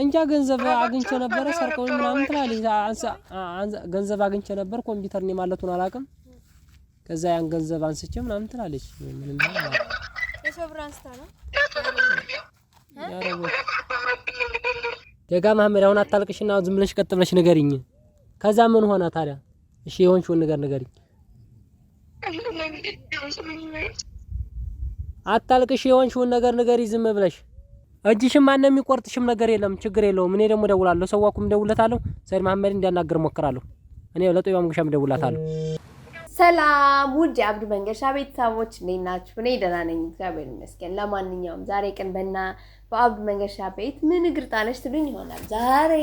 እንጃ ገንዘብ አግኝቼ ነበረ ሰርቀው ምናምን ትላለች። ገንዘብ አግኝቼ ነበር ኮምፒውተር ነው ማለቱን አላውቅም። ከዛ ያን ገንዘብ አንስቼ ምናምን ትላለች። ምንም ደጋ መሀመድ አሁን አታልቅሽና ዝም ብለሽ ቀጥ ብለሽ ንገሪኝ። ከዛ ምን ሆነ ታዲያ? እሺ የሆንሽውን ነገር ንገሪኝ። አታልቅሽ የሆንሽውን ነገር ንገሪ ዝም ብለሽ እጅሽም ማነው የሚቆርጥሽም ነገር የለም። ችግር የለውም። እኔ ደግሞ ደውላለሁ። ሰዋኩም ደውለታለሁ። ሰይድ መሐመድ እንዲያናገር ሞክራለሁ። እኔ ለጦቢባ ሙገሻም ደውላታለሁ። ሰላም ውድ የአብዱ መንገሻ ቤተሰቦች እንዴት ናችሁ? እኔ ደህና ነኝ እግዚአብሔር ይመስገን። ለማንኛውም ዛሬ ቀን በና በአብዱ መንገሻ ቤት ምን እግር ጣለች ትሉኝ ይሆናል። ዛሬ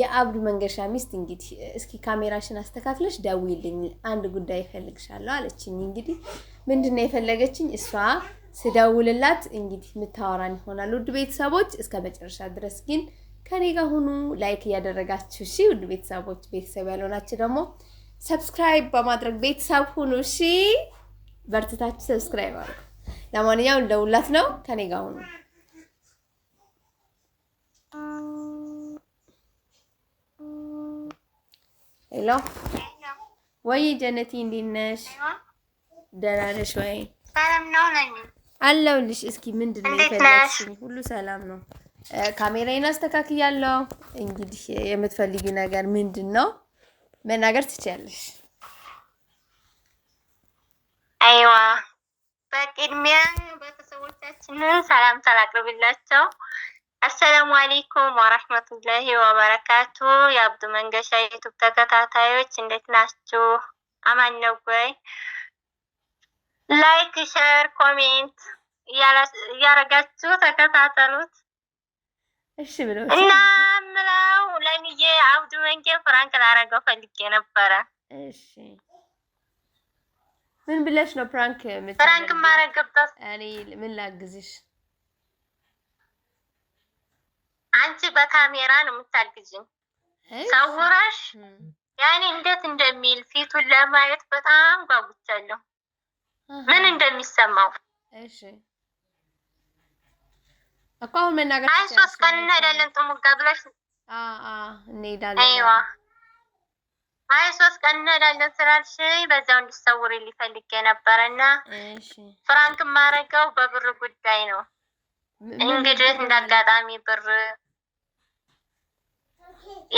የአብዱ መንገሻ ሚስት እንግዲህ እስኪ ካሜራሽን አስተካክለሽ ደውይልኝ፣ አንድ ጉዳይ ይፈልግሻለሁ አለችኝ። እንግዲህ ምንድን ነው የፈለገችኝ እሷ ስደውልላት እንግዲህ የምታወራን ይሆናል። ውድ ቤተሰቦች እስከ መጨረሻ ድረስ ግን ከኔ ጋር ሁኑ፣ ላይክ እያደረጋችሁ እሺ። ውድ ቤተሰቦች ቤተሰብ ያልሆናችሁ ደግሞ ሰብስክራይብ በማድረግ ቤተሰብ ሁኑ እሺ። በርትታችሁ ሰብስክራይብ አድርጉ። ለማንኛውም ልደውልላት ነው። ከኔ ጋር ሁኑ። ሄሎ ወይ ጀነቲ፣ እንዴት ነሽ? ደህና ነሽ ወይ? ሰላም ነው ነኝ አለውልሽ። እስኪ ምንድን ነው የፈለግሽኝ? ሁሉ ሰላም ነው። ካሜራዬን አስተካክያለሁ። እንግዲህ የምትፈልጊው ነገር ምንድን ነው መናገር ትችያለሽ። አይዋ በቅድሚያ ቤተሰቦቻችንን ሰላም ታላቅርብላቸው። አሰላሙ አሌይኩም ወራህመቱላሂ ወበረካቱ። የአብዱ መንገሻ ዩቱብ ተከታታዮች እንዴት ናችሁ? አማን ነው ወይ? ላይክ፣ ሼር፣ ኮሜንት እያረጋችሁ ተከታተሉት። እሺ ብሎ እና ምለው ለሚዬ አብዱ መንጌ ፍራንክ ላረገው ፈልጌ ነበረ። እሺ ምን ብለሽ ነው ፕራንክ ፕራንክ ማረገበት? እኔ ምን ላግዝሽ? አንቺ በካሜራ ነው የምታግዝኝ ሰውራሽ ያኔ እንዴት እንደሚል ፊቱን ለማየት በጣም ጓጉቻለሁ። ምን እንደሚሰማው እሺ እኮ አሁን መናገር አይ ሶስት ቀን እንሄዳለን ጥሙጋ ብለሽ አ አ እንሄዳለን አይዋ አይ ሶስት ቀን እንሄዳለን ስላልሽ በዛው እንዲሰውር ሊፈልግ የነበረና እሺ ፍራንክ ማረገው በብር ጉዳይ ነው እንግዲህ እንዳጋጣሚ ብር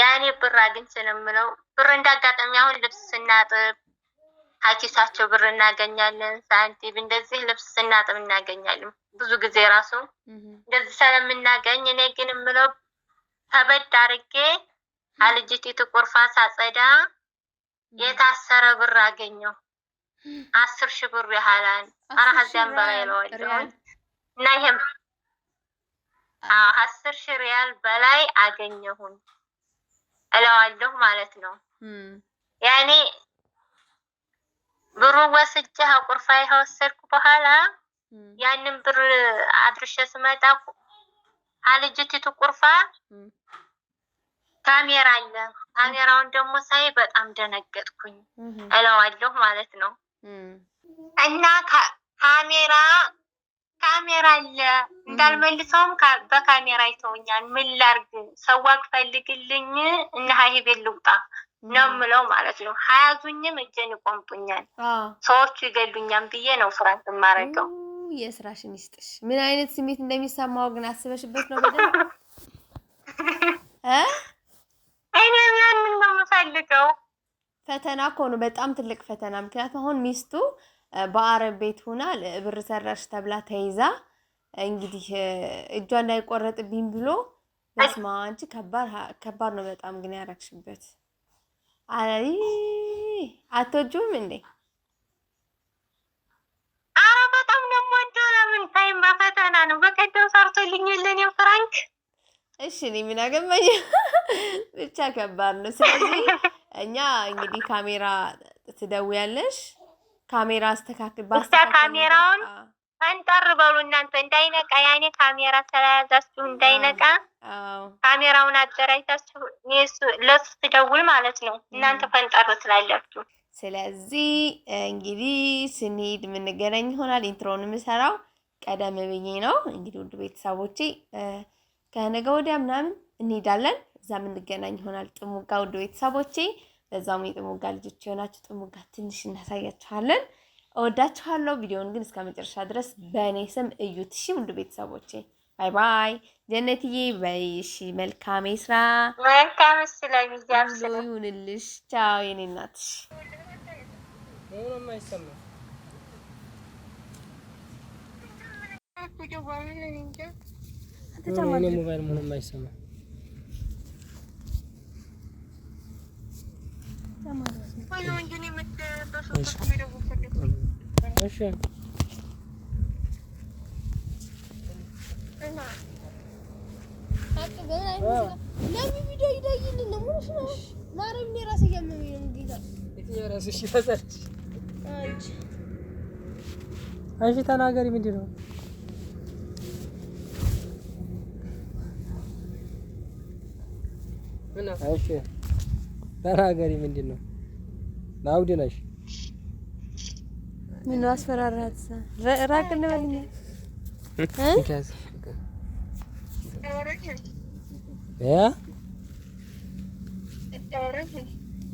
ያኔ ብር አግኝቼ ነው የምለው ብር እንዳጋጣሚ አሁን ልብስ ስናጥብ ከኪሳቸው ብር እናገኛለን፣ ሳንቲም እንደዚህ ልብስ ስናጥብ እናገኛለን። ብዙ ጊዜ ራሱ እንደዚህ ስለምናገኝ እኔ ግን የምለው ከበድ አርጌ አልጅቲ ጥቁር ፋሳ ጸዳ የታሰረ ብር አገኘው አስር ሺ ብር ያህላል አራሀዚያን በላይ ለዋለሁ እና ይህም አስር ሺ ሪያል በላይ አገኘሁን እለዋለሁ ማለት ነው ያኔ ብሩ ወስጄ አቁርፋ የወሰድኩ በኋላ ያንን ብር አድርሼ ስመጣ አልጅቲቱ ቁርፋ ካሜራ አለ። ካሜራውን ደግሞ ሳይ በጣም ደነገጥኩኝ እለዋለሁ ማለት ነው። እና ካሜራ ካሜራ አለ እንዳልመልሰውም በካሜራ ይተውኛል። ምን ላርግ? ሰዋግ ፈልግልኝ እና ሀይቤን ልውጣ ነው የምለው ማለት ነው። ሀያዙኝም እጄን ይቆምጡኛል፣ ሰዎቹ ይገሉኛል ብዬ ነው ፍራት የማረገው። የስራሽን ይስጥሽ። ምን አይነት ስሜት እንደሚሰማው ግን አስበሽበት ነው በደንብ እኔ ያንን ነው የምፈልገው። ፈተና እኮ ነው በጣም ትልቅ ፈተና። ምክንያቱም አሁን ሚስቱ በአረብ ቤት ሆና ብር ሰራሽ ተብላ ተይዛ እንግዲህ እጇ እንዳይቆረጥብኝ ብሎ በስማ አንቺ ከባድ ነው በጣም ግን ያረግሽበት አይ አትወጂውም እንዴ? አረ በጣም ነው የምወደው። ለምን ታይም በፈተና ነው። በቀደም ሰርቶልኝ የለን ፍራንክ። እሺ እኔ ምን አገባኝ፣ ብቻ ከባድ ነው። ስለዚህ እኛ እንግዲህ ካሜራ ትደውያለሽ፣ ካሜራ አስተካክል፣ ካሜራውን አንጠር በሉ እናንተ እንዳይነቃ ያኔ ካሜራ ስለያዛችሁ እንዳይነቃ ካሜራውን አደራጅታችሁ ለሱ ትደውል ማለት ነው። እናንተ ፈንጠር ትላላችሁ ስለዚህ እንግዲህ ስንሄድ የምንገናኝ ይሆናል። ኢንትሮን የምሰራው ቀደም ብዬ ነው። እንግዲህ ውድ ቤተሰቦቼ ከነገ ወዲያ ምናምን እንሄዳለን። እዛ የምንገናኝ ይሆናል። ጥሙጋ ውድ ቤተሰቦቼ፣ በዛም የጥሙጋ ልጆች የሆናችሁ ጥሙጋ ትንሽ እናሳያችኋለን። እወዳችኋለሁ። ቪዲዮውን ግን እስከ መጨረሻ ድረስ በእኔ ስም እዩት። እሺ ውድ ቤተሰቦቼ ባይ ባይ። ጀነትዬ በይ እሺ። መልካም ስራ መልካም ስለ ይሁንልሽ። ቻው የኔ እናትሽ ተጨማ ሞባይል መሆኑን አይሰማም እሺ ተናገሪ፣ ምንድን ነው? እሺ በራገሪ ምንድን ነው? ናውድ ነሽ? ምን አስፈራራት? ራቅ እንበልኝ።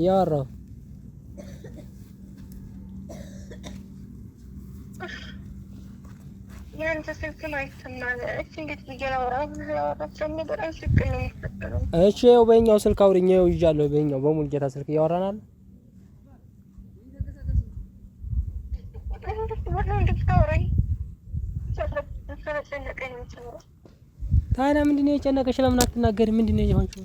እያወራሁ እሺ ያው በኛው ስልክ አውሪኝ። ያው ይዣለሁ በኛው በሙሉ ጌታ ስልክ እያወራናል። ታዲያ ምንድን ነው የጨነቀሽ? ለምን አትናገሪ? ምንድን ነው የሆንሽው?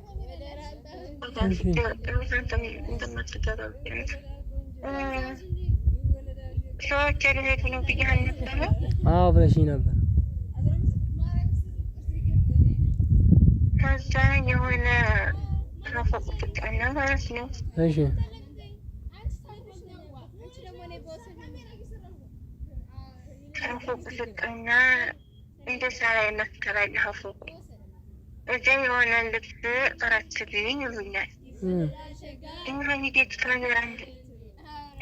አዎ ብለሽኝ ነበር። ከዛ የሆነ ከፎቅ ብቃና ማለት ነው። እሺ ከፎቅ ብቃና እንደዛ ላይ መከራለሁ ፎቅ እዚያ የሆነ ልብስ ረክብኝ ይሉኛል። እኔ ደጅት ነገር አንድ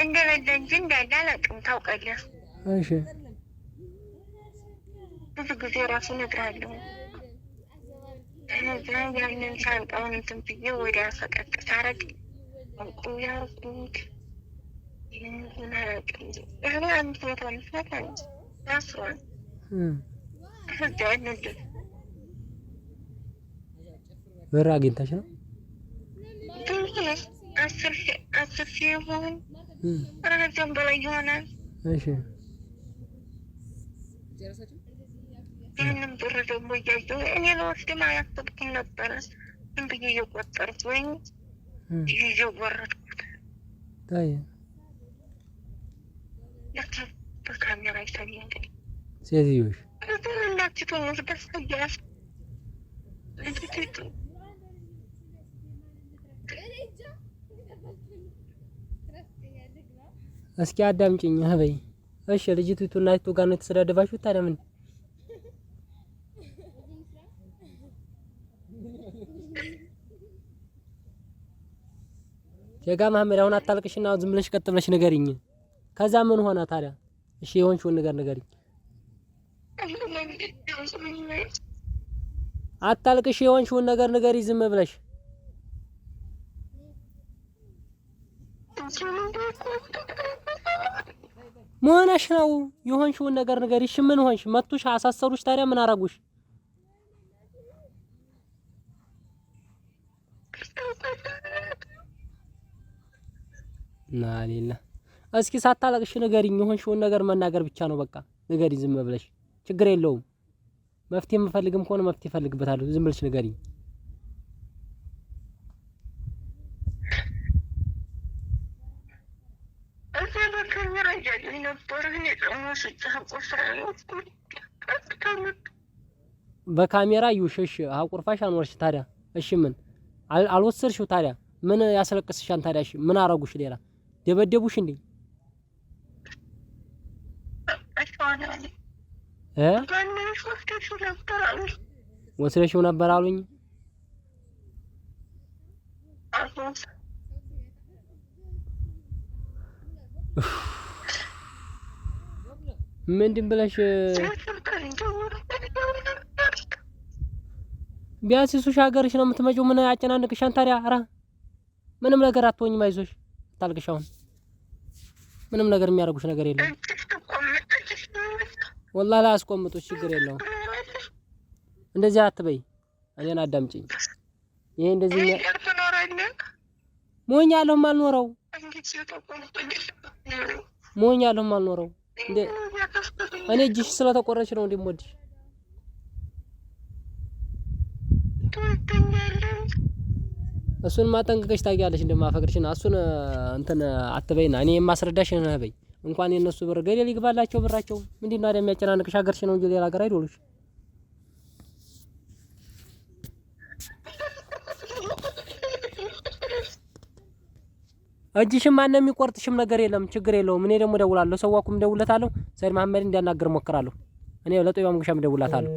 እንጂ እንዳለ አላውቅም። ታውቃለህ፣ ብዙ ጊዜ ራሱ እነግርሃለሁ። እዛ ያንን ሻንጣውን እንትን ብዬ ወደ ፈቀቅ ሳረግ እንቁ ያርጉት ይህን አላውቅም። ያኔ አምስት መቶ አምስት መቶ አስሯል እዛ ብር አግኝተሽ ነው? አስር ሺህ በላይ ይሆናል። እሺ ይህንም ብር ደግሞ እያየሁ እኔ ለወስድም አያሰብኩም ነበረ። ዝም ብዬ እየቆጠርኩ ወይም ይዤ ወረድኩት። እስኪ አዳምጪኝ አበይ። እሺ ልጅቱ እናቲቱ ጋር ነው የተሰዳደባችሁ ታዲያ የጋ ሼጋ መሐመድ አሁን አታልቅሽና ዝም ብለሽ ቀጥ ብለሽ ንገሪኝ። ከዛ ምን ሆነ ታዲያ? እሺ የሆንሽውን ነገር ንገሪኝ። አታልቅሽ፣ የሆንሽውን ነገር ንገሪ ዝም ብለሽ። መሆንሽ ነው የሆንሽውን ነገር ንገሪሽ። ምን ሆንሽ? መቱሽ? አሳሰሩሽ? ታዲያ ምን አረጉሽ? ናሊላ እስኪ ሳታለቅሽ ንገሪኝ። የሆንሽውን ነገር መናገር ብቻ ነው በቃ ንገሪኝ፣ ዝም ብለሽ ችግር የለውም። መፍትሄ የምፈልግም ከሆነ መፍትሄ እፈልግበታለሁ። ዝም ብለሽ ንገሪኝ። እያየን ነበረ። በካሜራ ይውሽሽ አቁርፋሽ አንወርሽ ታዲያ። እሺ ምን አልወሰድሽው ታዲያ? ምን ያስለቅስሻን ታዲያ? እሺ ምን አረጉሽ? ሌላ ደበደቡሽ እንዴ? እ ወስደሽው ነበር አሉኝ። ምንድን ብለሽ ቢያንስ ሱሽ ሀገርሽ ነው የምትመጪው። ምን አጨናንቅሻን ታዲያ? ኧረ ምንም ነገር አትሆኝም። አይዞሽ፣ አታልቅሽ። አሁን ምንም ነገር የሚያደርጉሽ ነገር የለም። ወላሂ ላይ አስቆምጡሽ፣ ችግር የለውም። እንደዚህ አትበይ። እኔን አዳምጪኝ። ይሄ እንደዚህ ሞኝ አልኖረው ሞኝ አለሁም አልኖረው እኔ እጅሽ ስለተቆረች ነው እንደምወድሽ። እሱን ማጠንቀቅሽ ታውቂያለሽ ና እሱን እንትን አትበይና እኔ የማስረዳሽ ነህ በይ። እንኳን የነሱ ብር ገሌ ሊግባላቸው ብራቸው ምንድነው አደም የሚያጨናንቅሽ? ሀገርሽ ነው እንጂ ሌላ ሀገር አይደሉሽ። እጅሽም ማን የሚቆርጥሽም ነገር የለም። ችግር የለውም። እኔ ደግሞ ደውላለሁ። አኩም ደውለታለሁ። ሰይድ መሐመድ እንዲያናገር ሞክራለሁ። እኔ ለጦቢባ ሙግሻም ደውላታለሁ።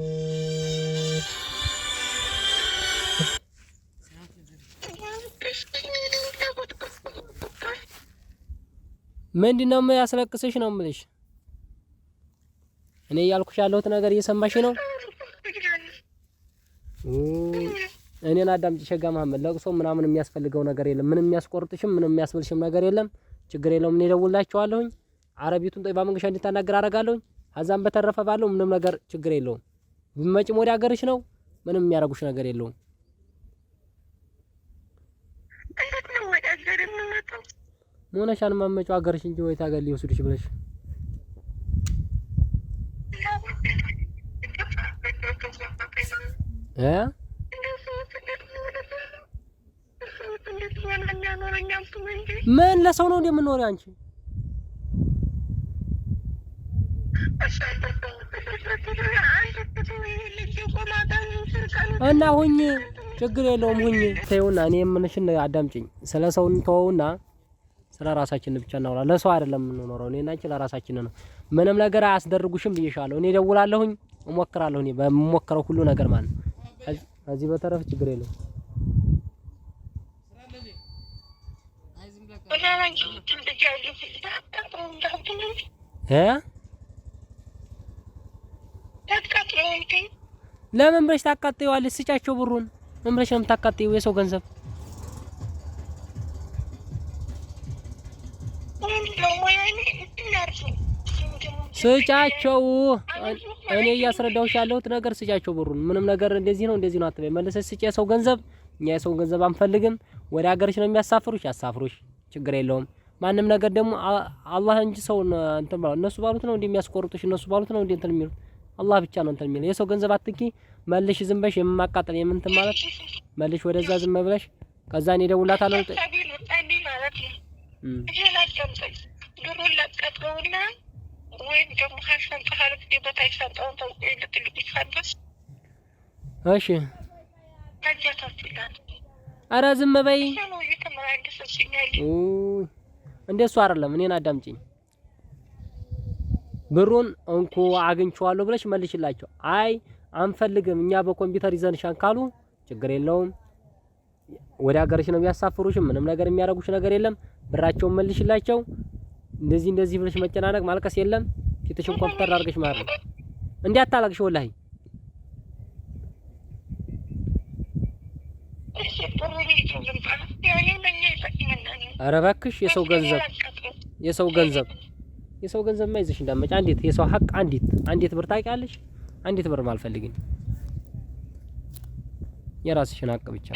ምንድን ነው ያስለቅስሽ? ነው የምልሽ። እኔ እያልኩሽ ያለሁት ነገር እየሰማሽ ነው? እኔን አዳምጪ ሸጋ መሀመድ። ለቅሶ ምናምን የሚያስፈልገው ነገር የለም። ምንም የሚያስቆርጥሽም ምንም የሚያስብልሽም ነገር የለም። ችግር የለውም። እኔ ደውላችኋለሁኝ። አረቢቱን ጠይባ መንገሻ እንድታናገር አረጋለሁኝ። ከዛም በተረፈ ባለው ምንም ነገር ችግር የለውም። ብመጭም ወደ ሀገርሽ ነው። ምንም የሚያደርጉሽ ነገር የለውም። መሆነሻን ማመጫው ሀገርሽ እንጂ ወይ ታገል ሊወስድሽ ብለሽ እ ምን ለሰው ነው እንደምኖር አንቺ እና ሁኝ ችግር የለውም ሁኝ ተይውና፣ እኔ የምልሽን አዳምጪኝ። ስለ ሰው እንተወውና ስለ ራሳችን ብቻ እናውራ። ለሰው አይደለም የምንኖረው፣ እኔና አንቺ ለራሳችን ነው። ምንም ነገር አያስደርጉሽም ብዬሻለሁ። እኔ ደውላለሁኝ፣ እሞክራለሁ፣ እኔ በምሞክረው ሁሉ ነገር ማለት ነው። ከዚህ በተረፍ ችግር የለውም። ለምን ብለሽ ታቃጥዪዋለሽ? ስጫቸው ብሩን። ምን ብለሽ ነው የምታቃጥዪው የሰው ገንዘብ? ስጫቸው። እኔ እያስረዳሁሽ ያለሁት ነገር ስጫቸው ብሩን። ምንም ነገር እንደዚህ ነው እንደዚህ ነው አትበይ። መልሰሽ ስጪ የሰው ገንዘብ። እኛ የሰው ገንዘብ አንፈልግም። ወደ ሀገርሽ ነው የሚያሳፍሩሽ፣ ያሳፍሩሽ። ችግር የለውም። ማንም ነገር ደግሞ አላህ እንጂ ሰው እንትን ብለው እነሱ ባሉት ነው እንደሚያስቆርጡሽ እነሱ ባሉት ነው እንደ እንትን የሚሉት አላህ ብቻ ነው እንትን የሚለው። የሰው ገንዘብ አትንኪ መልሽ፣ ዝም በሽ የማቃጠል የምንትን ማለት መልሽ፣ ወደዛ ዝም ብለሽ ከዛ እኔ እደውልላታለሁ እሺ አረ ዝም በይ። እንደሱ አይደለም። እኔን አዳምጪኝ። ብሩን እንኩ አግኝቼዋለሁ ብለሽ መልሽላቸው። አይ አንፈልግም፣ እኛ በኮምፒውተር ይዘንሻን ካሉ ችግር የለውም። ወደ ሀገርሽ ነው የሚያሳፍሩሽ። ምንም ነገር የሚያደርጉሽ ነገር የለም። ብራቸውን መልሽላቸው። እንደዚህ እንደዚህ ብለሽ መጨናነቅ ማልቀስ የለም። ፊትሽን ኮምፒውተር አድርገሽ ማለት ነው። እንዲያታላቅሽ ወላሂ ኧረ እባክሽ የሰው ገንዘብ የሰው ገንዘብ የሰው ገንዘብ ማይዝሽ እንዳመጭ አንዴት የሰው ሀቅ አንዴት አንዴት ብር ታውቂያለሽ። አንዴት ብር ማልፈልግኝ የራስሽን ሀቅ ብቻ።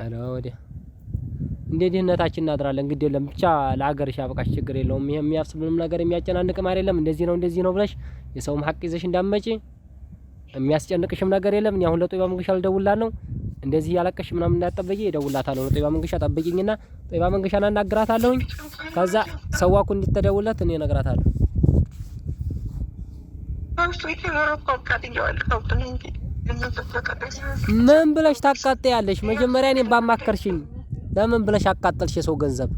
ኧረ ወዲያ እንደ ድህነታችን እናድራለን። ግድ የለም ብቻ ለሀገርሽ ያበቃሽ። ችግር የለውም። ይሄ ነገር የሚያጨናንቅም አይደለም። እንደዚህ ነው እንደዚህ ነው ብለሽ የሰውም ሀቅ ይዘሽ እንዳመጭ የሚያስጨንቅሽም ነገር የለም። እኔ አሁን ለጦይባ መንገሻ ልደውልላት ነው። እንደዚህ ያለቀሽ ምናምን እንዳጠበቂ እደውልላታለሁ። ለጦይባ መንገሻ ጠብቂኝና ጦይባ መንገሻን አናግራታለሁኝ። ከዛ ሰዋኩ እንድትደውለት እኔ እነግራታለሁ። ምን ብለሽ ታቃጠያለሽ? መጀመሪያ እኔን ባማከርሽኝ ለምን ብለሽ አቃጠልሽ የሰው ገንዘብ?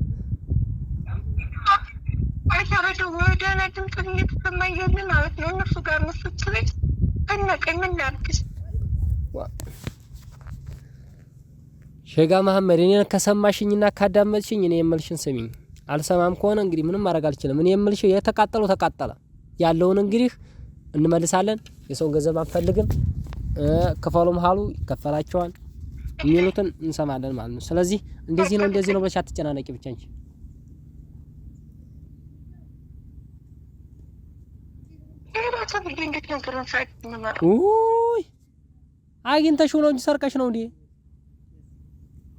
ወደ ድምፅ የተሰማኝ ማለት ነው እነሱ ጋር መስችለች ሸጋ መሐመድ ሼጋ መሀመድ እኔን ከሰማሽኝና ካዳመጥሽኝ እኔ የምልሽን ስሚኝ። አልሰማም ከሆነ እንግዲህ ምንም ማድረግ አልችልም። እኔ የምልሽ የተቃጠለው ተቃጠለ፣ ያለውን እንግዲህ እንመልሳለን። የሰውን ገንዘብ አንፈልግም። ክፈሉም ሀሉ ይከፈላቸዋል የሚሉትን እንሰማለን ማለት ነው። ስለዚህ እንደዚህ ነው እንደዚህ ነው ብለሽ አትጨናነቂ ብቻ እንጂ አግኝተሽው ነው እንጂ ሰርቀሽ ነው እንዴ?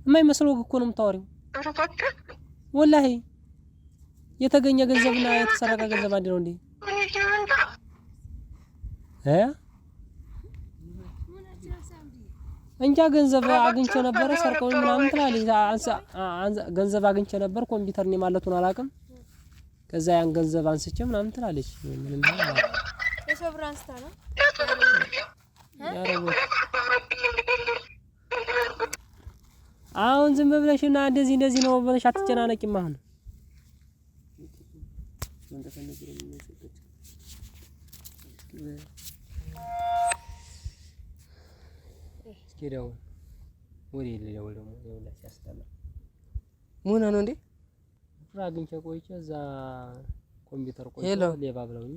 የማይመስለው እኮ ነው የምታወሪው። ወላሂ የተገኘ ገንዘብና የተሰረቀ ገንዘብ አንድ ነው እንዴ? እ እንጃ ገንዘብ አግኝቼ ነበረ ሰርቀው ምናምን ትላለች። ገንዘብ አግኝቼ ነበር ኮምፒውተር እኔ ማለቱን አላውቅም። ከዛ ያን ገንዘብ አንስቼ ምናምን ትላለች። ምንም ሰብር አንስታ ነው አሁን ዝም ብለሽ እና እንደዚህ እንደዚህ ነው ብለሽ አትጨናነቂም። አሁን ሙና ነው እንዴ አግኝቼ ቆይቼ እዛ ኮምፒውተር ቆይቼ ሌባ ብለውኝ